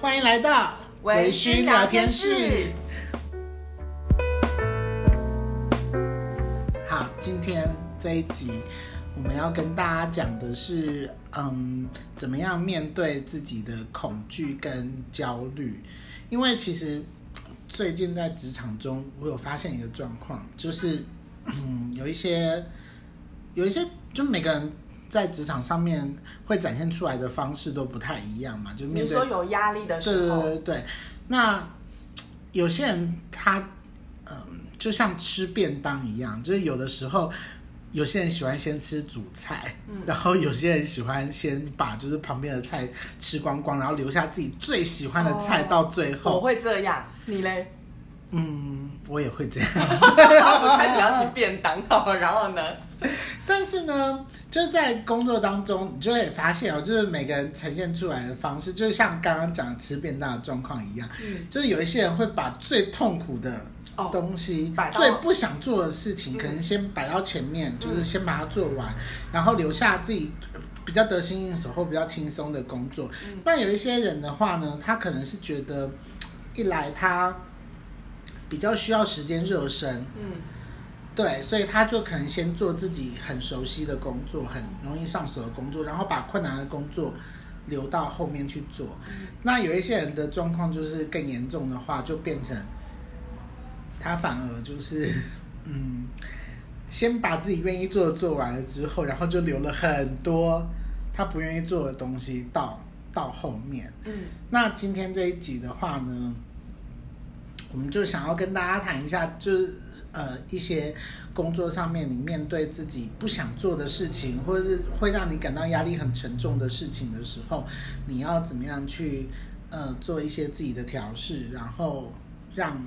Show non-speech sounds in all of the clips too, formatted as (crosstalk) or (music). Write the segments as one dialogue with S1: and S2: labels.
S1: 歡迎來到微醺聊天室。好，今天這一集我們要跟大家講的是，嗯，怎麼樣面對自己的恐懼跟焦慮？因為其實最近在職場中，我有發現一個狀況，就是，嗯，有一些，有一些，就每個人在職場上面會展現出來的方式都不太一樣嘛，就面對說
S2: 有壓力的時候對對對對，對那
S1: 有些人他嗯，就像吃便當一樣，就是有的時候有些人喜歡先吃主菜，嗯、然後有些人喜歡先把就是旁邊的菜吃光光，然後留下自己最喜歡的菜到最後。哦、我會
S2: 這樣，你嘞？
S1: 嗯，我也
S2: 會這樣， (laughs) (laughs) 開始要去便當好，然後呢？但是呢，
S1: 就在工作當中，你就會發現哦、喔，就是每個人呈現出來的方式，就像剛剛講的詞變大的狀況一樣，嗯，就是有一些人會把最痛苦的東西、哦、最不想做的事情，嗯、可能先擺到前面，嗯、就是先把它做完，嗯、然後留下自己比較得心應手或比較輕鬆的工作。嗯、那有一些人的話呢，他可能是覺得，一來他比較需要時間熱身，嗯。對，所以他就可能先做自己很熟悉的工作，很容易上手的工作，然後把困難的工作留到後面去做。嗯、那有一些人的狀況就是更嚴重的話，就變成他反而就是，嗯，先把自己願意做的做完了之後，然後就留了很多他不願意做的東西到到後面。嗯、那今天這一集的話呢，我們就想要跟大家談一下，就是。呃，一些工作上面，你面對自己不想做的事情，或者是會讓你感到壓力很沉重的事情的時候，你要怎麼樣去呃做一些自己的調適，然後讓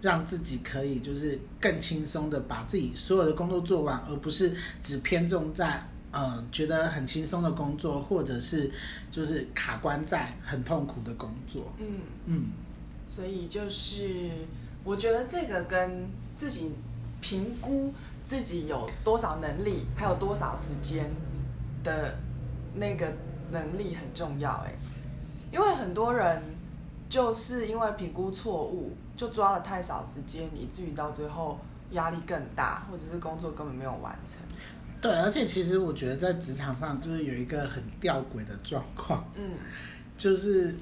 S1: 讓自己可以就是更輕鬆的把自己所有的工作做完，而不是只偏重在呃覺得很輕鬆的工作，或者是就是卡關在很痛苦的工作。
S2: 嗯嗯，嗯所以就是我覺得這個跟。自己評估自己有多少能力，還有多少時間的，那個能力很重要哎，因為很多人就是因為評估錯誤，就抓了太少時間，以至於到最後壓力更大，或者是工作根本沒有完成。
S1: 對，而且其實我覺得在職場上就是有一個很吊詭的狀況，嗯，就是。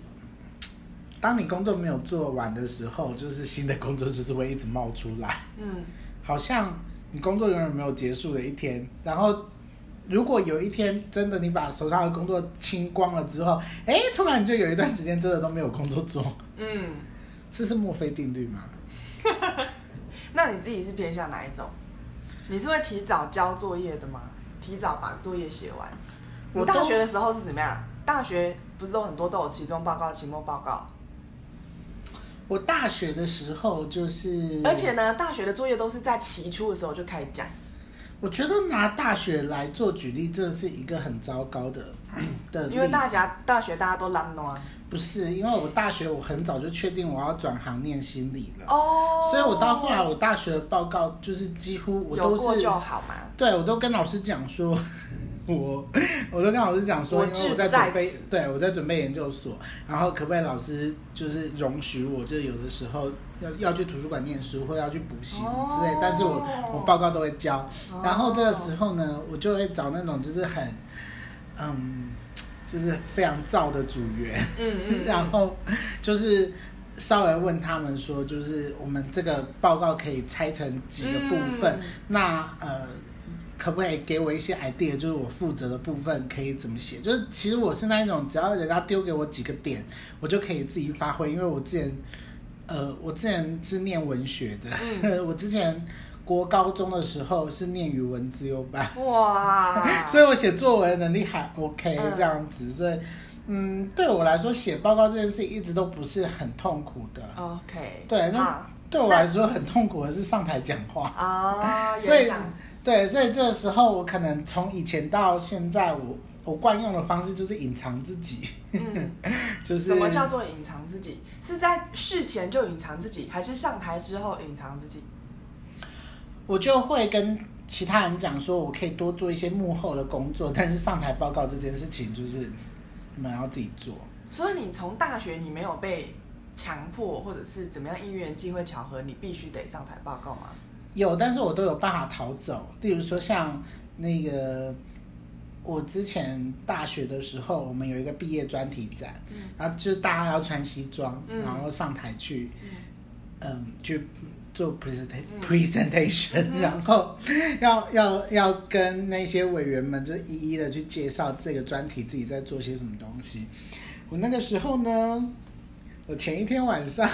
S1: 當你工作沒有做完的時候，就是新的工作就是會一直冒出來，嗯，好像你工作永遠沒有結束的一天。然後，如果有一天真的你把手上的工作清光了之後，哎、欸，突然就有一段時間真的都沒有工作做，嗯，這是墨菲定律嗎？
S2: (laughs) 那你自己是偏向哪一種？你是會提早交作業的嗎？提早把作業寫完？我大學的時候是怎麼樣？大學不是都很多都有期中報告、期末報告？我大學的時候就是，而且呢，大學的作業都是在期初的時候就開始講。我覺得拿大學來做舉
S1: 例，這是一個很糟糕的的。因為大
S2: 家大學大家都懶惰啊。
S1: 不是，因為我大學我很早就確定我要轉行念心理
S2: 了哦，所以我到後來我
S1: 大學的報告就是幾乎我都是。過就好嘛。對，我都跟老師講說。我我都跟老師講說，因為我在準備，對，我在準備研究所，然後可不可以老師就是容許我，就有的時候要要去圖書館念書，或要去補習之類，哦、但是我我報告都會交。哦、然後這個時候呢，我就會找那種就是很嗯，就是非常燥的組員，嗯嗯，然後就是稍微問他們說，就是我們這個報告可以拆成幾個部分，嗯、那呃。可不可以給我一些 idea？就是我負責的部分可以怎麼寫？就是其實我是那一種，只要人家丟給我幾個點，我就可以自己發揮。因為我之前，呃，我之前是念文學的，嗯、我之前國高中的時候是念語文自由班，
S2: 哇呵
S1: 呵！所以我寫作文能力還 OK，這樣子。嗯、所以，嗯，對我來說，寫報告這件事一直都不是很痛苦的。
S2: 嗯、OK。
S1: 對，那好對我來說那很痛苦的是上台講話啊，
S2: 哦、所以。
S1: 對，所以這個時候我可能從以前到現在我，我我慣用的方式就是隱藏自己。嗯、 (laughs) 就是什麼叫做
S2: 隱藏自己？是在事前就隱藏自己，還是上台之後隱藏自己？
S1: 我就會跟其他人講說，我可以多做一些幕後的工作，但是上台報告這件事情就是你們要自己做。
S2: 所以你從大學你沒有被強迫，或者是怎麼樣，因緣際會巧合，你必須得上台報告嗎？
S1: 有，但是我都有辦法逃走。例如說，像那個，我之前大學的時候，我們有一個畢業專題展，嗯，然後就是大家要穿西裝，然後上台去，嗯，嗯，去做 presentation，presentation，嗯，然後要要要跟那些委員們就一一的去介紹這個專題，自己在做些什麼東西。我那個時候呢，我前一天晚上，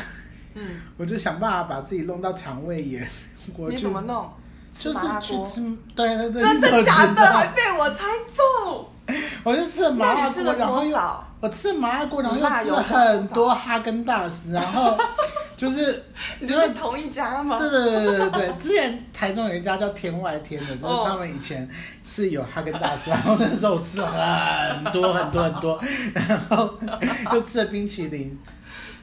S1: 嗯，
S2: (laughs)
S1: 我就想辦法把自己弄到腸胃炎。你
S2: 怎麼弄？就是去吃，吃麻
S1: 辣鍋？對對對，真的假的？然後，還
S2: 被我猜中。
S1: 我就吃了麻辣鍋，吃了多少？我吃了麻辣鍋，然後又吃了很多哈根達斯，然後就是你覺得
S2: 同一家嗎？對對對對對， (laughs) 之
S1: 前台中有一家叫天外天的，就是他們以前是有哈根達斯，然後那時候我吃了很多很多很多， (laughs) 然後又吃了冰淇淋。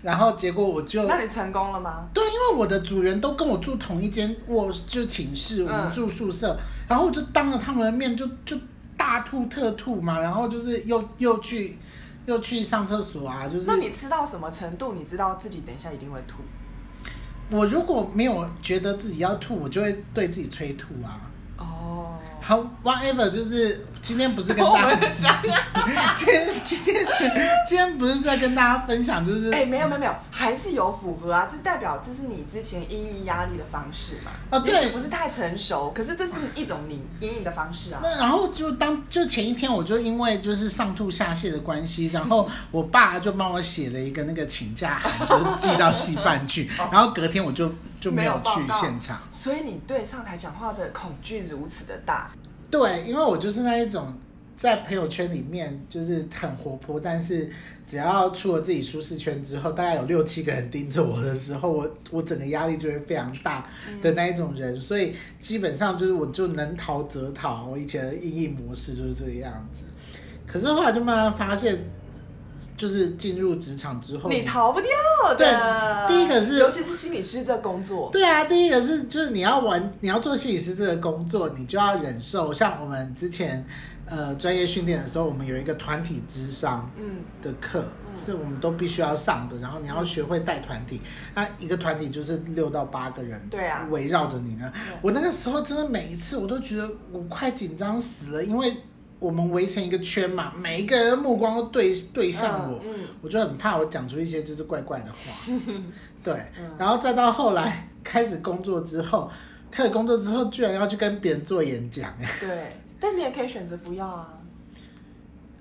S1: 然後結果我就，那你成功了嗎？對，因為我的主人都跟我住同一間臥就寢室，我們住宿舍，嗯、然後我就當着他們的面就就大吐特吐嘛，然後就是又又去又去上廁所啊，就是。那你吃
S2: 到什麼程度？你知道自己等一下一定會吐。
S1: 我如果沒有覺得自己要吐，我就會對自己催吐啊。好，whatever，就是
S2: 今天不是跟大家， (laughs) 今天今天今天不是在跟大家分享，就是哎、欸，沒有沒有沒有，還是有符合啊，這代表這是你之前應對壓力的方式嘛？啊、哦，對，是不是太成熟，可是這是一種你應對的方式啊。那然後
S1: 就當就前一天，我就因為就是上吐下瀉的關係，然後我爸就幫我寫了一個那個請假函，就是、寄到戲班去， (laughs) 然後隔天我就。就沒有去現場。
S2: 所以你對上台講話的恐懼如此的大？
S1: 對，因為我就是那一種在朋友圈裡面就是很活潑，但是只要出了自己舒適圈之後，大概有六七個人盯着我的時候，我我整個壓力就會非常大的那一種人，嗯、所以基本上就是我就能逃則逃，我以前的因應模式就是這個樣子，可是後來就慢慢發現。就是進入職場之後，你逃不掉的。第一個是，尤其
S2: 是心理師這工作。對
S1: 啊，第一個是，就是你要玩，你要做心理師這個工作，你就要忍受。像我們之前，呃，專業訓練的時候，我們有一個團體諮商嗯的課，是我們都必須要上的。然後你要學會帶團體，啊，那一個團體就是六到八個人，對啊，圍繞着你呢。我那個時候真的每一次，我都覺得我快緊張死了，因為。我們圍成一個圈嘛，每一個人的目光都對對上我，嗯嗯、我就很怕我講出一些就是怪怪的話。
S2: (laughs) 對，嗯、
S1: 然後再到後來開始工作之後，開始工作之後居然要去跟別人做演講。對，
S2: 但你也可以選擇不要
S1: 啊。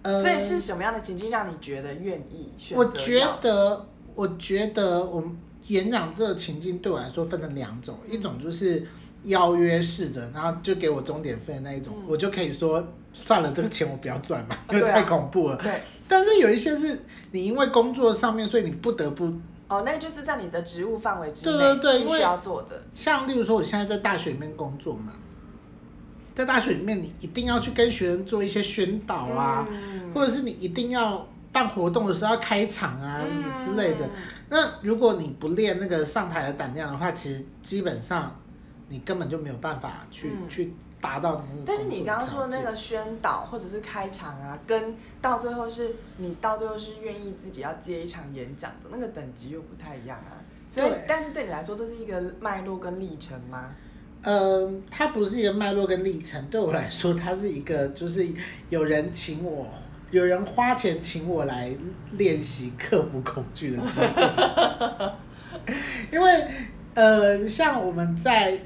S1: 呃、嗯，所以是
S2: 什麼樣的情境讓你覺得願意
S1: 選擇？我覺得，我覺得我們演講這個情境對我來說分了兩種，嗯、一種就是邀約式的，然後就給我鐘點費的那一種，嗯、我就可以說。算了，這個錢我不要賺嘛，因為太恐怖了。對，啊、對，但是有一些是你因為工作上面，所以你不得不。
S2: 哦，oh, 那就是在你的職務範圍之內，對對對，必須要做
S1: 的。像例如說，我現在在大學裡面工作嘛，在大學裡面你一定要去跟學生做一些宣導啊，嗯、或者是你一定要辦活動的時候要開場啊什麼之類的。嗯、那如果你不練那個上台的膽量的話，其實基本上你根本就沒有辦法去去。嗯達到的，但是你剛剛說
S2: 的那個宣導或者是開場啊，跟到最後是，你到最後是願意自己要接一場演講的那個等級又不太一樣啊。所以，對但是對你來說，這是一個脈絡跟歷程嗎？
S1: 嗯，它不是一個脈絡跟歷程，對我來說，它是一個就是有人請我，有人花錢請我來練習克服恐懼的程 (laughs) 因為，呃、嗯，像我們在。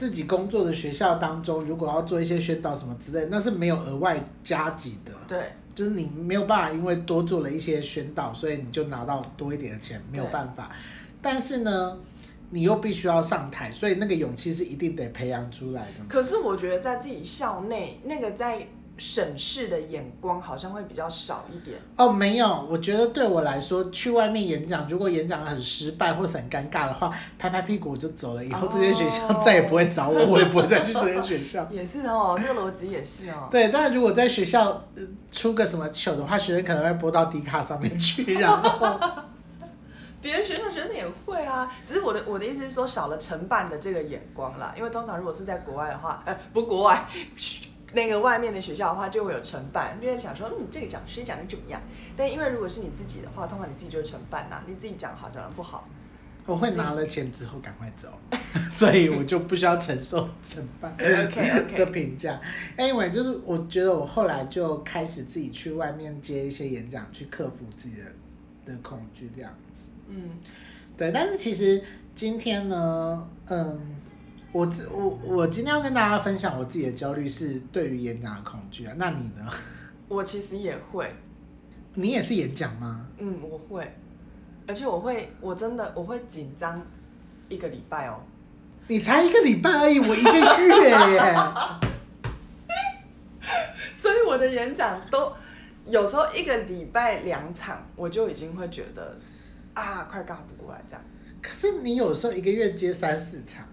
S1: 自己工作的學校當中，如果要做一些宣導什麼之類，那是沒有額外加急的。對，就是你沒有辦法，因為多做了一些宣導，所以你就拿到多一點的錢，沒有辦法。對但是呢，你又必須要上台，嗯、所以那個勇氣是一定得培養出來的。
S2: 可是我覺得在自己校內，那個在。審視的眼光好像會比較少一點
S1: 哦。沒有，我覺得對我來說，去外面演講，如果演講很失敗或是很尷尬的話，拍拍屁股我就走了，以後這些學校再也不會找我，哦、我也不會再去這些學
S2: 校。也是哦，這個邏輯也是
S1: 哦。對，但如果在學校出個什麼糗的話，學生可能會播到迪卡上面去，然後。別人
S2: 學校學生也會啊，只是我的我的意思是說，少了承辦的這個眼光啦，因為通常如果是在國外的話，呃、不，國外。那個外面的學校的話，就會有,有承辦，就在想說，嗯，你這個講師講的怎麼樣？但因為如果是你自己的話，通常你自己就承辦吶、啊，你自己講好講的不好，
S1: 我會拿了錢之後趕快走， (laughs) 所以我就不需要承受承辦 OK，OK，的評價。a y Okay, okay.、Anyway, 就是我覺得我後來就開始自己去外面接一些演講，去克服自己的的恐懼這樣子。嗯，對，但是其實今天呢，嗯。我我我今天要跟大家分享我自己的焦慮是對於演講的恐懼啊，那你呢？
S2: 我其實也會。
S1: 你也是演講嗎？
S2: 嗯，我會，而且我會我真的我會緊張一個禮拜哦。你才
S1: 一個禮拜而已，我一個月耶。
S2: (laughs) 所以我的演講都有時候一個禮拜兩場，我就已經會覺得啊，快趕不過來這樣。可是
S1: 你有時候一個月接三四場。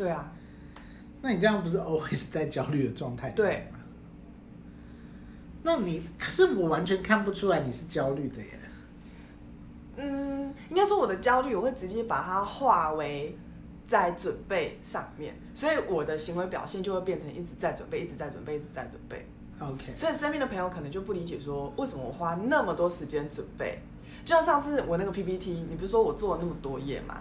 S1: 對啊，那你這樣不是 always 在焦慮的狀態？對，那你可是我完全看不出來你是焦慮的耶。
S2: 嗯，應該說我的焦慮，我會直接把它化為在準備上面，所以我的行為表現就會變成一直在準備，一直在準備，一直在準備。OK。所以身邊的朋友可能就不理解說，為什麼我花那麼多時間準備？就像上次我那個 PPT，你不是說我做了那麼多頁嗎？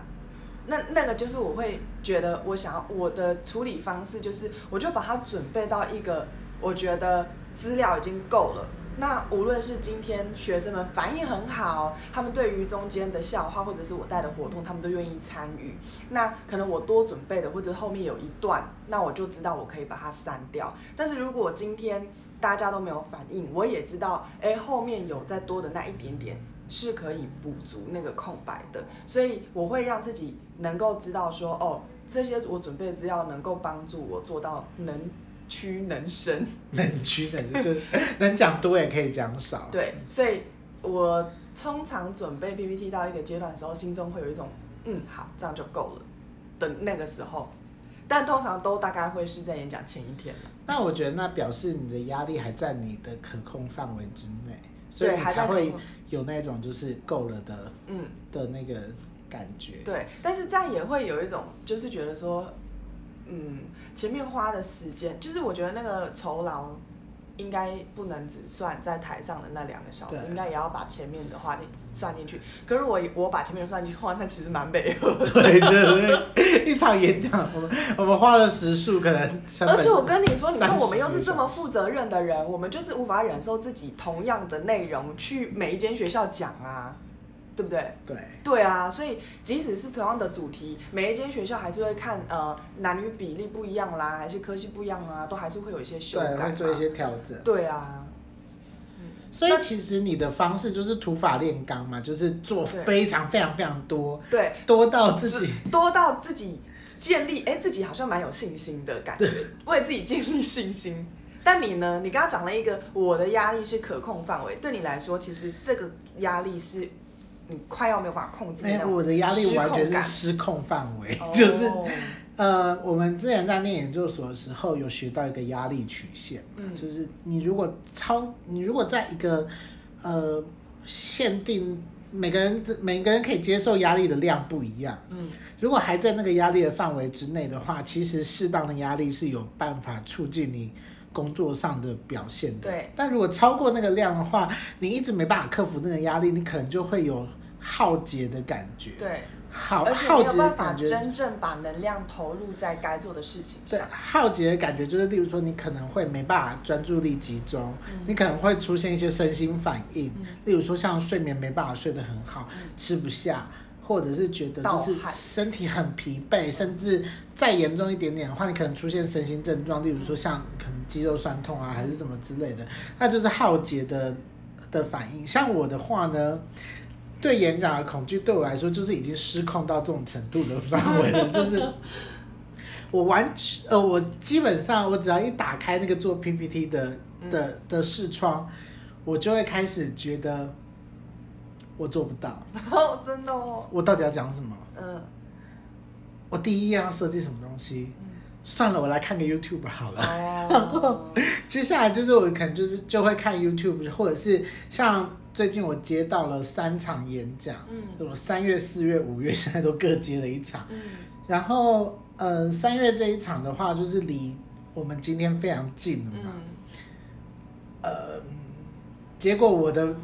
S2: 那那個就是我會覺得，我想要我的處理方式就是，我就把它準備到一個我覺得資料已經夠了。那無論是今天學生們反應很好，他們對於中間的笑話或者是我帶的活動，他們都願意參與。那可能我多準備的或者後面有一段，那我就知道我可以把它刪掉。但是如果今天大家都沒有反應，我也知道，哎，後面有再多的那一點點，是可以補足那個空白的，所以我會讓自己能夠知道說，哦，這些我準備的資料能夠幫助我做到能屈能伸，能屈能伸 (laughs)
S1: 能講多也可以
S2: 講少。對，所以我通常準備 PPT 到一個階段的時候，心中會有一種嗯，好，這樣就夠了的那個時候，但通常都大概會是在演講前一天。那我覺得那表示你的壓力
S1: 還在你的可控範圍之內。所以才會有那種就是夠了的，嗯的那個感覺。對，
S2: 但是這樣也會有一種就是覺得說，嗯，前面花的時間，就是我覺得那個酬勞應該不能只算在台上的那兩個小時，對應該也要把前面的話題算進去。可是我我把前面的算進去，那其實蠻累的。對，對，對，就是 (laughs) 一場演講，我們
S1: 我們花了時數，可能。而且我跟你說，你看我們又是這
S2: 麼負責任的人，我們就是無法忍受自己同樣的內容去每一間學校講啊。對不對？對對啊，所以即使是同樣的主題，每一間學校還是會看呃男女比例不一樣啦，還是科系不一樣啊，都還是會有一些修改，會
S1: 做一些調整。對啊、嗯，所以其實你的方式就是土法煉鋼嘛，那就是做非常非常非常多，對，多到自己
S2: 多，多到自己建立哎，自己好像蠻有信心的感覺，對為自己建立信心。但你呢？你剛剛講了一個，我的壓力是可控範圍，對你來說，其實這個壓力是。你快要沒有辦法控制控、欸、我的壓力完全是
S1: 失控範圍
S2: ，Oh. 就是呃，
S1: 我們之前在念研究所的時候有學到一個壓力曲線，嗯，就是你如果超，你如果在一個呃限定，每個人的每個人可以接受壓力的量不一樣，嗯，如果還在那個壓力的範圍之內的話，其實適當的壓力是有辦法促進你工作上的表現的，對，但如果超過那個量的話，你一直沒辦法克服那個壓力，你可能就會有。耗竭的感覺，
S2: 對，耗浩，而且沒有辦法真正把能量投入在該做的事情上。對，
S1: 耗竭的感覺就是，例如說你可能會沒辦法專注力集中，嗯、你可能會出現一些身心反應，嗯、例如說像睡眠沒辦法睡得很好，嗯、吃不下，或者是覺得就是身體很疲憊，汗甚至再嚴重一點點的話，你可能出現身心症狀，嗯、例如說像可能肌肉痠痛啊，還是什麼之類的，嗯、那就是耗竭的的反應。像我的話呢？對演講的恐懼對我來說，就是已經失控到這種程度的範圍了。就是我完全呃，我基本上我只要一打開那個做 PPT 的的的視窗，嗯、我就會開始覺得我做不到。
S2: (laughs) 真的
S1: 哦。我到底要講什麼？嗯、我第一頁要設計什麼東西？嗯、算了，我來看個 YouTube 好了。哦、哎呀。 (laughs) 接下來就是我可能就是就會看 YouTube，或者是像。最近我接到了三場演講，嗯，我三月、四月、五月現在都各接了一場，嗯、然後，呃，三月這一場的話，就是離我們今天非常近了嘛，嗯、呃，結果我的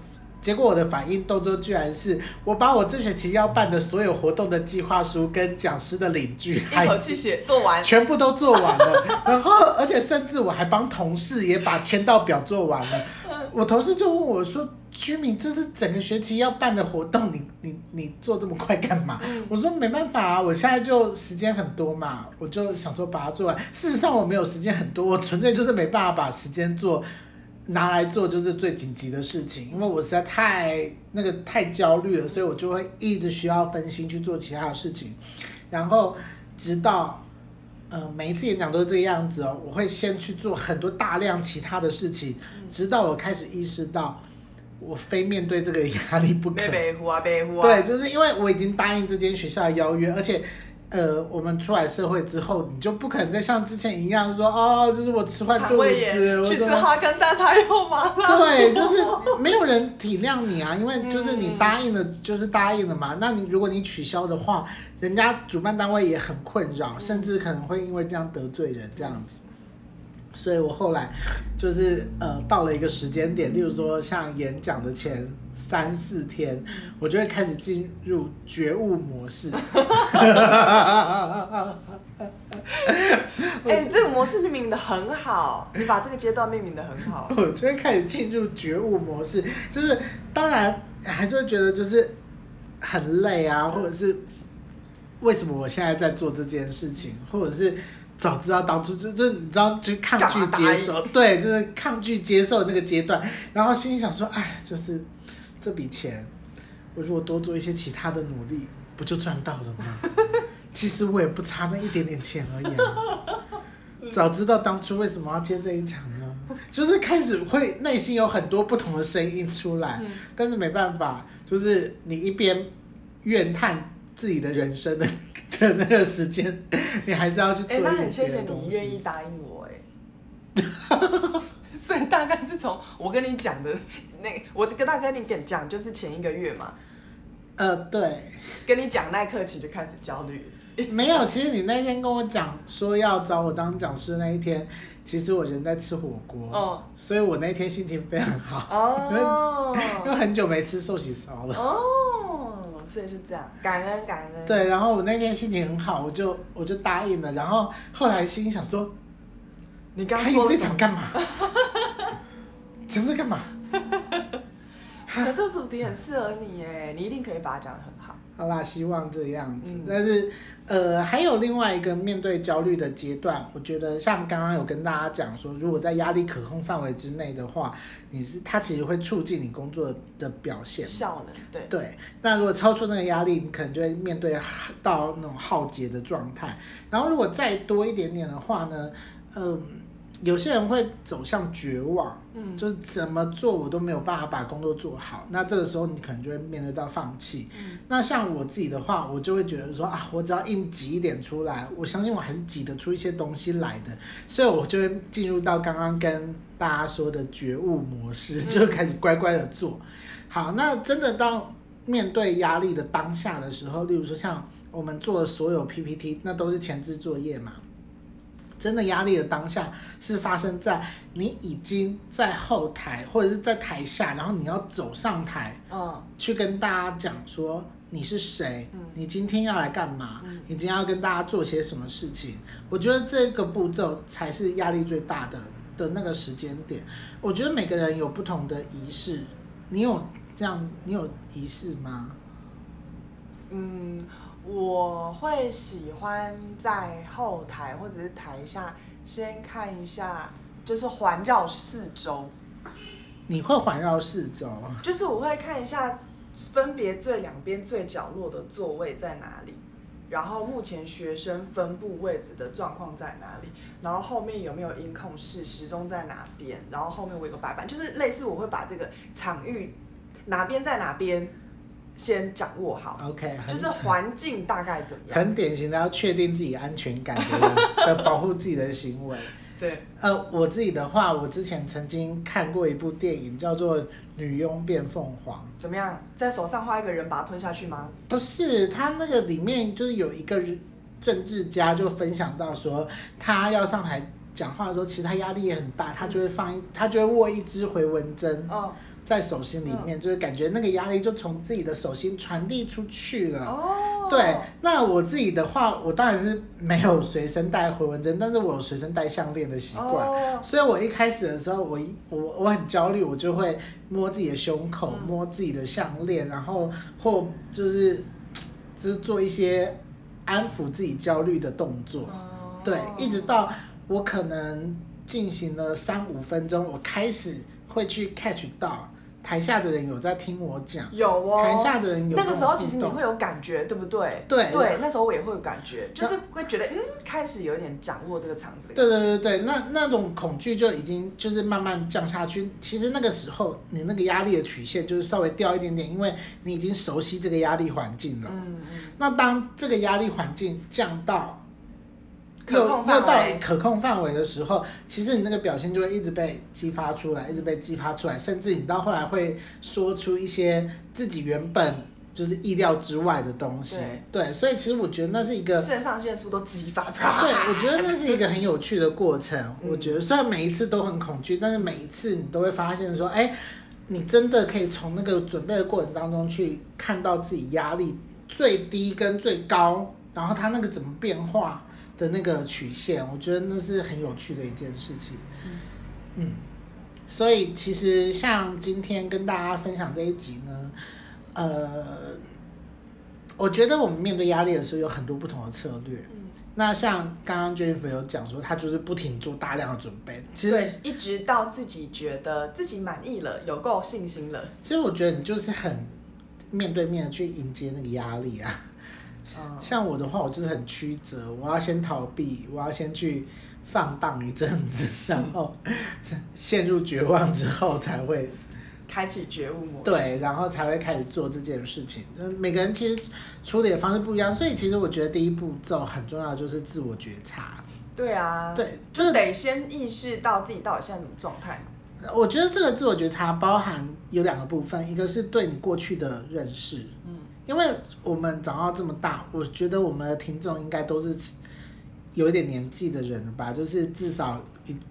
S1: 結果我的反應動作居然是我把我這學期要辦的所有活動的計劃書跟講師的領據還寫做完，全部都做完了，完了 (laughs) 然後而且甚至我還幫同事也把簽到表做完
S2: 了， (laughs) 我同
S1: 事就問我說。居民，就是整個學期要辦的活動，你你你做這麼快幹嘛？我說沒辦法啊，我現在就時間很多嘛，我就想說把它做完。事實上我沒有時間很多，我純粹就是沒辦法把時間做拿來做就是最緊急的事情，因為我實在太那個太焦慮了，所以我就會一直需要分心去做其他的事情，然後直到嗯、呃，每一次演講都是這個樣子哦，我會先去做很多大量其他的事情，直到我開始意識到。我非面對這個壓力不可。啊，啊！對，就是因為我已經答應這間學校的邀約，而且，呃，我們出來社會之後，你就不可能再像之前一樣說哦，就是我吃壞肚子，去吃哈根達斯又麻煩。對，就是沒有人體諒你啊，因為就是你答應了，就是答應了嘛。那你如果你取消的話，人家主辦單位也很困擾，甚至可能會因為這樣得罪人，這樣子。所以我後來就是呃到了一個時間點，例如說像演講的前三四天，我就會開始進入覺悟模式。
S2: 哎，這個模式命名的很好，你把這個階段命名的很好。我
S1: 就會開始進入覺悟模式，就是當然還是會覺得就是很累啊，或者是為什麼我現在在做這件事情，或者是。早知道當初就就你知道就抗拒接受，打打對，就是抗拒接受那個階段，然後心裡想說，哎，就是這筆錢，我如果多做一些其他的努力，不就賺到了嗎？ (laughs) 其實我也不差那一點點錢而已，啊、 (laughs) 早知道當初為什麼要接這一場呢？就是開始會內心有很多不同的聲音出來，嗯、但是沒辦法，就是你一邊怨嘆。自己的人生的、的那個時間，你還是要去做一個的，欸、那很謝謝你願意
S2: 答應我哎。 (laughs) 所以大概是從我跟你講的那個，我大跟大哥你講，就是前一個月嘛。呃，對。跟你講那一刻起就開始焦慮。沒有，其
S1: 實你那天跟我講說要找我當講師那一天，其實我人在吃火鍋。哦、嗯。所以我那天心情非常
S2: 好。哦，因。
S1: 因為很久沒吃壽喜燒了。哦。
S2: 對，是這樣，
S1: 感恩感恩。對，然後我那天心情很好，我就我就答應了。然後後來心想說，你剛說的什麼？想幹嘛？哈哈哈哈哈！
S2: 可這主題很適合你耶，你一定可以
S1: 把它講的很好。好啦，希望這樣子。但是，呃，還有另外一個面對焦慮的階段，我覺得像剛剛有跟大家講說，如果在壓力可控範圍之內的話，你是它其實會促進你工作的表現效能，對。對，那如果超出那個壓力，你可能就會面對到那種耗竭的狀態。然後，如果再多一點點的話呢，嗯、呃。有些人會走向絕望，嗯，就是怎麼做我都沒有辦法把工作做好，那這個時候你可能就會面對到放棄。嗯、那像我自己的話，我就會覺得說啊，我只要硬擠一點出來，我相信我還是擠得出一些東西來的，嗯、所以我就會進入到剛剛跟大家說的覺悟模式，嗯、就開始乖乖的做好。那真的到面對壓力的當下的時候，例如說像我們做的所有 PPT，那都是前置作業嘛。真的壓力的當下是發生在你已經在後台或者是在台下，然後你要走上台，嗯，去跟大家講說你是誰，嗯，你今天要來幹嘛，嗯，你今天要跟大家做些什麼事情？我覺得這個步驟才是壓力最大的的那個時間點。我覺得每個人有不同的儀式，你有這樣，你有儀式嗎？嗯。
S2: 我會喜歡在後台或者是台下先看一下，就是環繞四周。
S1: 你會環繞四周啊？
S2: 就是我會看一下，分別最兩邊、最角落的座位在哪裡，然後目前學生分佈位置的狀況在哪裡，然後後面有沒有音控室、時鐘在哪邊，然後後面我有個白板，就是類似我會把這個場域哪邊在哪邊。先掌握好，OK，很就是環境大概怎麼樣？很典
S1: 型的要確定自己安全感的 (laughs) 保護自己的行為。對，呃，我自己的話，我之前曾經看過一部電影，叫做《女傭變鳳凰》。
S2: 怎麼樣？在手上畫一個人，把它吞下去嗎？
S1: 不是，他那個裡面就是有一個政治家，就分享到說，他要上台講話的時候，其實他壓力也很大，嗯、他就會放一，他就會握一支回紋針。哦。在手心裡面，嗯、就是感覺那個壓力就從自己的手心傳遞出去了。哦、對，那我自己的話，我當然是沒有隨身帶迴紋針，但是我有隨身帶項鏈的習慣。哦、所以我一開始的時候，我一我我很焦慮，我就會摸自己的胸口，嗯、摸自己的項鏈，然後或就是，就是做一些安撫自己焦慮的動作。哦、對，一直到我可能進行了三五分鐘，我開始會去 catch 到。臺下的人有在聽我講，有哦。臺下的人有，有動動，那個時候其實你會
S2: 有感覺，對不對？對對，對對，那時候，那我也會有感覺，就是會覺得嗯，開始有點掌握這個場子。對對對
S1: 對，那那種恐懼就已經就是慢慢降下去。其實那個時候你那個壓力的曲線就是稍微掉一點點，因為你已經熟悉這個壓力環境了。嗯。那當這個壓力環境降到。
S2: 又又到
S1: 可控範圍的時候，其實你那個表現就會一直被激發出來，一直被激發出來，甚至你到後來會說出一些自己原本就是意料之外的東西。嗯、對，對，所以其實我覺得那是一個，腎上腺
S2: 素都激發出來。啊、對，我覺
S1: 得那是一個很有趣的過程。嗯、我覺得雖然每一次都很恐懼，但是每一次你都會發現說，哎、欸，你真的可以從那個準備的過程當中去看到自己壓力最低跟最高，然後它那個怎麼變化的那個曲線，我覺得那是很有趣的一件事情。嗯，嗯，所以其實像今天跟大家分享這一集呢，呃，我覺得我們面對壓力的時候有很多不同的策略。嗯，那像剛剛 Jennifer 有講說，他就是不停做大量的準備。其實是
S2: 一直到自己覺得自己滿意了，有夠信心了。
S1: 其實我覺得你就是很面對面的去迎接那個壓力啊。像我的話，我真的很曲折。我要先逃避，我要先去放蕩一陣子，然後 (laughs) 陷入絕望之後才會
S2: 開啟覺悟模式。對，
S1: 然後才會開始做這件事情。每個人其實處理的方式不一樣，所以其實我覺得第一步驟很重要，就是自我覺察。
S2: 對啊，對，就得先意識到自己到底現在什麼狀態。
S1: 我覺得這個自我覺察包含有兩個部分，一個是對你過去的認識。因為我們長到這麼大，我覺得我們的聽眾應該都是有一點年紀的人了吧，就是至少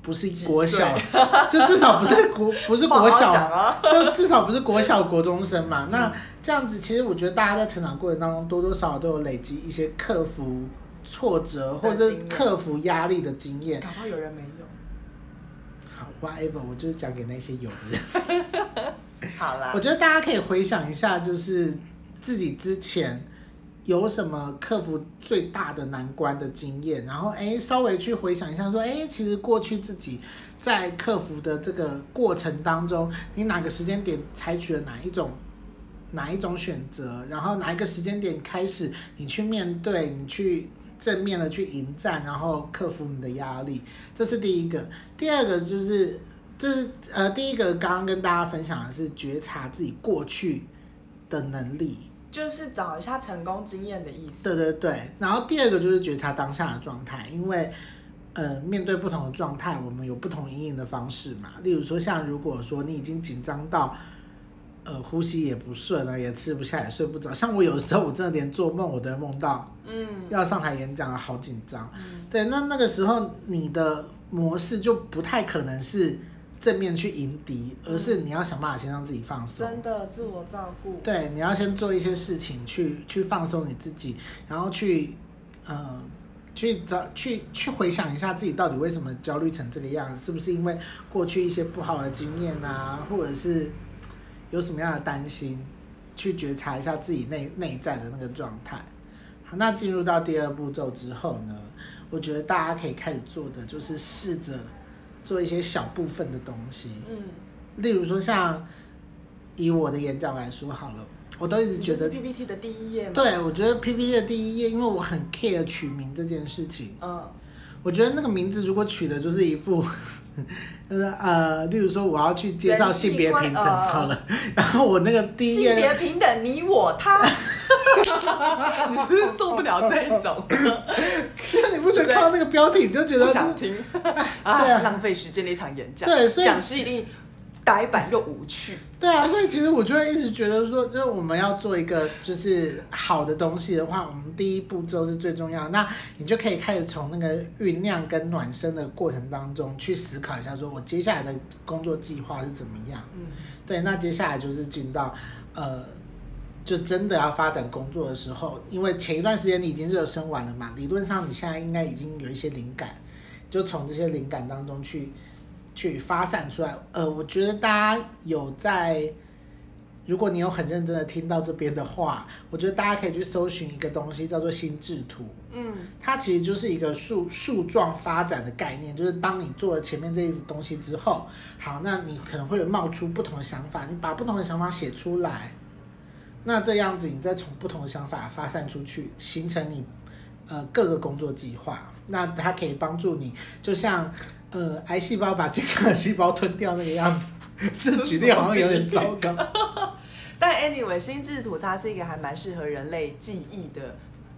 S1: 不是國小，幾歲 (laughs) 就至少不是國不是國小，好好啊、就至少不是國小國中生嘛。嗯、那這樣子，其實我覺得大家在成長過程當中，多多少少都有累積一些克服挫折或者克服壓力的經驗。經驗，搞不好有人沒有，好吧，Apple, 我就是講給那些有的人。 (laughs)
S2: 好了啦，我
S1: 覺得大家可以回想一下，就是。自己之前有什麼克服最大的難關的經驗？然後哎，稍微去回想一下說，說哎，其實過去自己在克服的這個過程當中，你哪個時間點採取了哪一種哪一種選擇？然後哪一個時間點開始你去面對，你去正面的去迎戰，然後克服你的壓力，這是第一個。第二個就是，這是呃，第一個剛剛跟大家分享的是覺察自己過去的能力。
S2: 就
S1: 是找一下成功經驗的意思。對對對，然後第二個就是覺察當下的狀態，因為，呃，面對不同的狀態，我們有不同因應的方式嘛。例如說，像如果說你已經緊張到，呃，呼吸也不順了，也吃不下，也睡不着。像我有時候我真的連做夢我都夢到，嗯，要上台演講了，好緊張。嗯、對，那那個時候你的模式就不太可能是。正面去迎敵，而是你要想辦法先讓自己放鬆，真
S2: 的自我照顧。對，
S1: 你要先做一些事情去去放鬆你自己，然後去嗯去找去去回想一下自己到底為什麼焦慮成這個樣子，是不是因為過去一些不好的經驗啊，或者是有什麼樣的擔心，去覺察一下自己內內在的那個狀態。好，那進入到第二步驟之後呢，我覺得大家可以開始做的就是試着。做一些小部分的東西，
S2: 嗯，
S1: 例如說像以我的演講來說好了，我都一直覺得
S2: PPT 的第一頁，對，我
S1: 覺得 PPT 的第一頁，因為我很 care 取名這件事情，嗯，我覺得那個名字如果取的就是一副，就 (laughs) 是呃，例如說我要去介紹性別平等好了，嗯、然後我那個第一頁性別
S2: 平等你我他。 (laughs) (laughs) (laughs) 你是不是受不了這一種，那 (laughs) 你不覺得看到那個標題你就覺得、就是、不想聽？ (laughs) 對啊，對啊，浪費時間的一場演講，對，所以，講師一定呆板又無趣。
S1: 對啊，所以其實我就會一直覺得說，就是我們要做一個就是好的東西的話，我們第一步驟是最重要的。那你就可以開始從那個醞釀跟暖身的過程當中去思考一下，說我接下來的工作計劃是怎麼樣？嗯、對，那接下來就是進到呃。就真的要發展工作的時候，因為前一段時間你已經熱身完了嘛，理論上你現在應該已經有一些靈感，就從這些靈感當中去去發散出來。呃，我覺得大家有在，如果你有很認真的聽到這邊的話，我覺得大家可以去搜尋一個東西叫做心智圖，嗯，它其實就是一個樹樹狀發展的概念，就是當你做了前面這些東西之後，好，那你可能會有冒出不同的想法，你把不同的想法寫出來。那這樣子，你再從不同的想法發散出去，形成你呃各個工作計劃，那它可以幫助你，就像呃癌細胞把這個細胞吞掉那個樣子，這 (laughs) 舉例好像有點糟糕。
S2: (laughs) 但 anyway，心智圖它是一個還蠻適合人類記憶的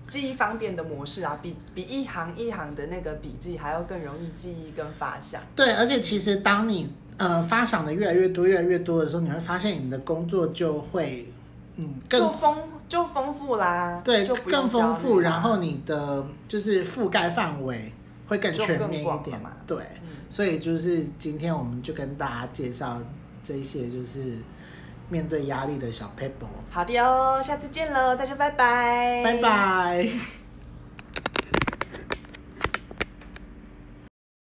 S2: 記憶方便的模式啊，比比一行一行的那個筆記還要更容易記憶跟發想。
S1: 對，而且其實當你呃發想的越來越多、越來越多的時候，你會發現你的工作就會。
S2: 嗯，更豐就豐富啦，對，就那個、更豐富，然後你
S1: 的就是覆蓋範圍會更全面一點，嘛，對，嗯、所以就是今天我們就跟大家介紹這一些，就是面對壓力的小撇步。好的哦，
S2: 下次見嘍，大家拜拜，拜拜。